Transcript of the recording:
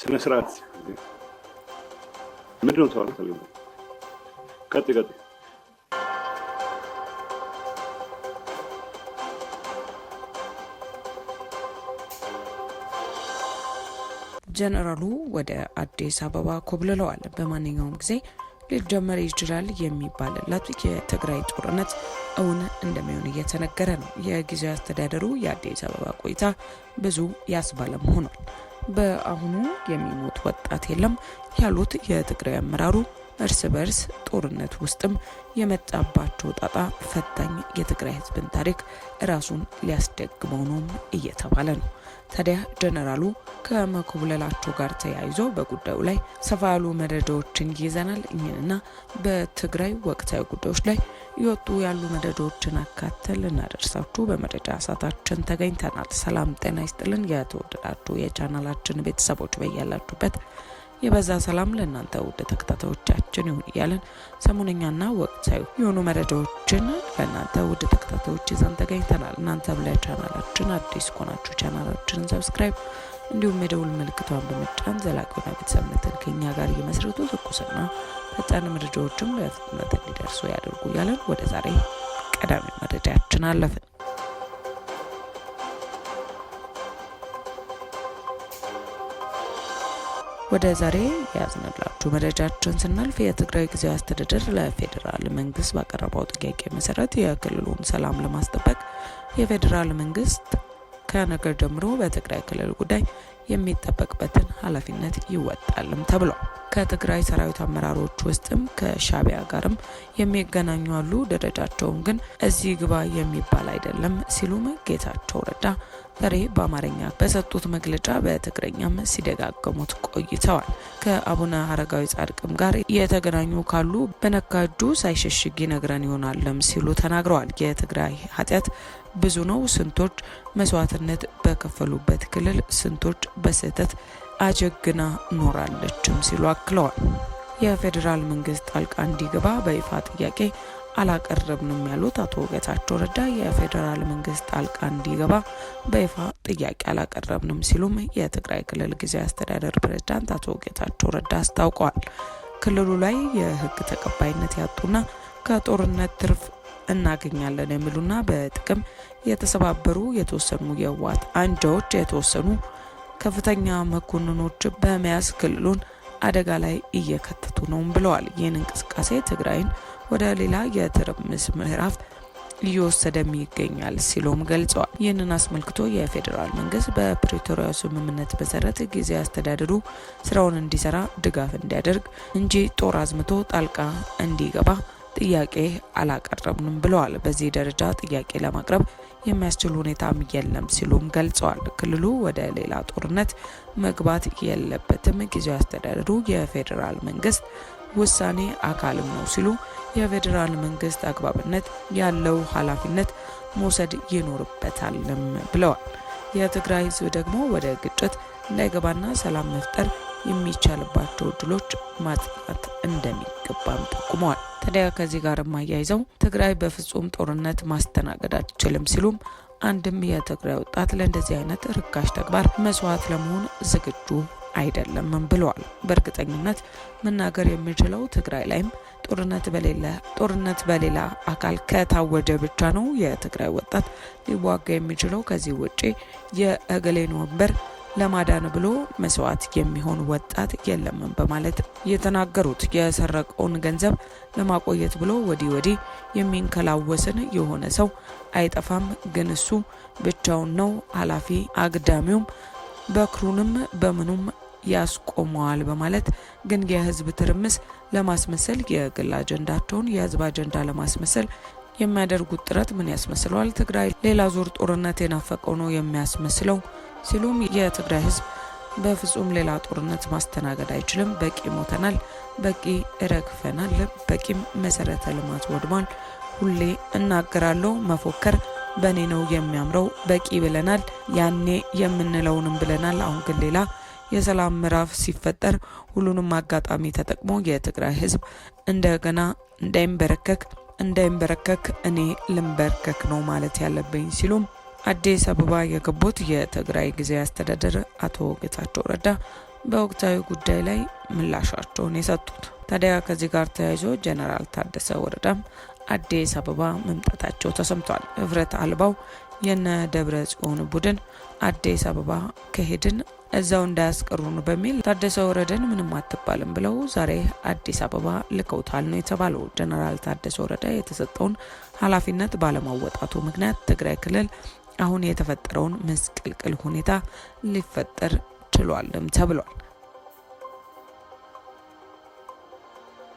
ስነ ስርዓት ምንድን ነው ተባለ? ተብሎ ቀጥ ቀጥ ጀነራሉ ወደ አዲስ አበባ ኮብልለዋል። በማንኛውም ጊዜ ሊጀመር ይችላል የሚባልላት የትግራይ ጦርነት እውን እንደሚሆን እየተነገረ ነው። የጊዜያዊ አስተዳደሩ የአዲስ አበባ ቆይታ ብዙ ያስባለም ሆኗል። በአሁኑ የሚሞት ወጣት የለም ያሉት የትግራይ አመራሩ እርስ በርስ ጦርነት ውስጥም የመጣባቸው ጣጣ ፈታኝ የትግራይ ህዝብን ታሪክ ራሱን ሊያስደግመው ነውም እየተባለ ነው። ታዲያ ጀነራሉ ከመኮብለላቸው ጋር ተያይዞ በጉዳዩ ላይ ሰፋ ያሉ መረጃዎችን ይዘናል። እኝንና በትግራይ ወቅታዊ ጉዳዮች ላይ የወጡ ያሉ መረጃዎችን አካተል ልናደርሳችሁ በመረጃ ሰዓታችን ተገኝተናል። ሰላም ጤና ይስጥልን። የተወደዳችሁ የቻናላችን ቤተሰቦች በያላችሁበት የበዛ ሰላም ለእናንተ ውድ ተከታታዮቻችን ይሁን እያለን ሰሞነኛና ወቅታዊ የሆኑ መረጃዎችን ለእናንተ ውድ ተከታታዮች ይዘን ተገኝተናል። እናንተ ብላ ቻናላችን አዲስ ከሆናችሁ ቻናላችንን ሰብስክራይብ እንዲሁም የደውል ምልክቷን በመጫን ዘላቂና ቤተሰብነትን ከኛ ጋር እየመስረቱ ትኩስና ፈጣን መረጃዎችን በፍጥነት እንዲደርሱ ያደርጉ እያለን ወደ ዛሬ ቀዳሚ መረጃችን አለፍን። ወደ ዛሬ ያዝነላችሁ መረጃችን ስናልፍ የትግራይ ጊዜያዊ አስተዳደር ለፌዴራል መንግስት ባቀረበው ጥያቄ መሰረት የክልሉን ሰላም ለማስጠበቅ የፌዴራል መንግስት ከነገር ጀምሮ በትግራይ ክልል ጉዳይ የሚጠበቅበትን ኃላፊነት ይወጣልም ተብሏል። ከትግራይ ሰራዊት አመራሮች ውስጥም ከሻቢያ ጋርም የሚገናኙ አሉ። ደረጃቸውም ግን እዚህ ግባ የሚባል አይደለም ሲሉም ጌታቸው ረዳ ዛሬ በአማርኛ በሰጡት መግለጫ በትግረኛም ሲደጋገሙት ቆይተዋል። ከአቡነ አረጋዊ ጻድቅም ጋር የተገናኙ ካሉ በነካጁ ሳይሸሽግ ይነግረን ይሆናልም ሲሉ ተናግረዋል። የትግራይ ኃጢአት ብዙ ነው። ስንቶች መስዋዕትነት በከፈሉበት ክልል ስንቶች በስህተት አጀግና ኖራለችም ሲሉ አክለዋል። የፌዴራል መንግስት ጣልቃ እንዲገባ በይፋ ጥያቄ አላቀረብንም ያሉት አቶ ጌታቸው ረዳ የፌዴራል መንግስት ጣልቃ እንዲገባ በይፋ ጥያቄ አላቀረብንም ሲሉም የትግራይ ክልል ጊዜያዊ አስተዳደር ፕሬዝዳንት አቶ ጌታቸው ረዳ አስታውቀዋል። ክልሉ ላይ የህግ ተቀባይነት ያጡና ከጦርነት ትርፍ እናገኛለን የሚሉና በጥቅም የተሰባበሩ የተወሰኑ የህወሓት አንጃዎች የተወሰኑ ከፍተኛ መኮንኖች በመያዝ ክልሉን አደጋ ላይ እየከተቱ ነው ብለዋል። ይህን እንቅስቃሴ ትግራይን ወደ ሌላ የትርምስ ምዕራፍ እየወሰደም ይገኛል ሲሉም ገልጸዋል። ይህንን አስመልክቶ የፌዴራል መንግስት በፕሪቶሪያ ስምምነት መሰረት ጊዜ አስተዳደሩ ስራውን እንዲሰራ ድጋፍ እንዲያደርግ እንጂ ጦር አዝምቶ ጣልቃ እንዲገባ ጥያቄ አላቀረብንም ብለዋል። በዚህ ደረጃ ጥያቄ ለማቅረብ የሚያስችል ሁኔታም የለም ሲሉም ገልጸዋል። ክልሉ ወደ ሌላ ጦርነት መግባት የለበትም፣ ጊዜያዊ አስተዳደሩ የፌዴራል መንግስት ውሳኔ አካልም ነው ሲሉ የፌዴራል መንግስት አግባብነት ያለው ኃላፊነት መውሰድ ይኖርበታልም ብለዋል። የትግራይ ህዝብ ደግሞ ወደ ግጭት እንዳይገባና ሰላም መፍጠር የሚቻልባቸው እድሎች ማጥቃት እንደሚገባም ጠቁመዋል። ታዲያ ከዚህ ጋር አያይዘው ትግራይ በፍጹም ጦርነት ማስተናገድ አትችልም ሲሉም አንድም የትግራይ ወጣት ለእንደዚህ አይነት ርካሽ ተግባር መስዋዕት ለመሆን ዝግጁ አይደለምም ብለዋል። በእርግጠኝነት መናገር የሚችለው ትግራይ ላይም ጦርነት በሌለ ጦርነት በሌላ አካል ከታወጀ ብቻ ነው የትግራይ ወጣት ሊዋጋ የሚችለው። ከዚህ ውጪ የእገሌን ወንበር ለማዳን ብሎ መስዋዕት የሚሆን ወጣት የለም በማለት የተናገሩት የሰረቀውን ገንዘብ ለማቆየት ብሎ ወዲህ ወዲህ የሚንከላወስን የሆነ ሰው አይጠፋም። ግን እሱ ብቻውን ነው ኃላፊ አግዳሚውም በክሩንም በምኑም ያስቆመዋል በማለት ግን የህዝብ ትርምስ ለማስመሰል የግል አጀንዳቸውን የህዝብ አጀንዳ ለማስመሰል የሚያደርጉት ጥረት ምን ያስመስለዋል? ትግራይ ሌላ ዙር ጦርነት የናፈቀው ነው የሚያስመስለው። ሲሉም የትግራይ ህዝብ በፍጹም ሌላ ጦርነት ማስተናገድ አይችልም። በቂ ሞተናል፣ በቂ ረግፈናል፣ በቂም መሰረተ ልማት ወድሟል። ሁሌ እናገራለሁ መፎከር በእኔ ነው የሚያምረው። በቂ ብለናል፣ ያኔ የምንለውንም ብለናል። አሁን ግን ሌላ የሰላም ምዕራፍ ሲፈጠር ሁሉንም አጋጣሚ ተጠቅሞ የትግራይ ህዝብ እንደገና እንዳይንበረከክ እንዳይንበረከክ እኔ ልንበረከክ ነው ማለት ያለብኝ ሲሉም አዲስ አበባ የገቡት የትግራይ ጊዜያዊ አስተዳደር አቶ ጌታቸው ረዳ በወቅታዊ ጉዳይ ላይ ምላሻቸውን የሰጡት። ታዲያ ከዚህ ጋር ተያይዞ ጀነራል ታደሰ ወረዳም አዲስ አበባ መምጣታቸው ተሰምቷል። እፍረት አልባው የነ ደብረ ጽዮን ቡድን አዲስ አበባ ከሄድን እዛው እንዳያስቀሩን በሚል ታደሰ ወረደን ምንም አትባልም ብለው ዛሬ አዲስ አበባ ልከውታል ነው የተባለው። ጀነራል ታደሰ ወረደ የተሰጠውን ኃላፊነት ባለማወጣቱ ምክንያት ትግራይ ክልል አሁን የተፈጠረውን መስቀልቅል ሁኔታ ሊፈጠር ችሏልም ተብሏል።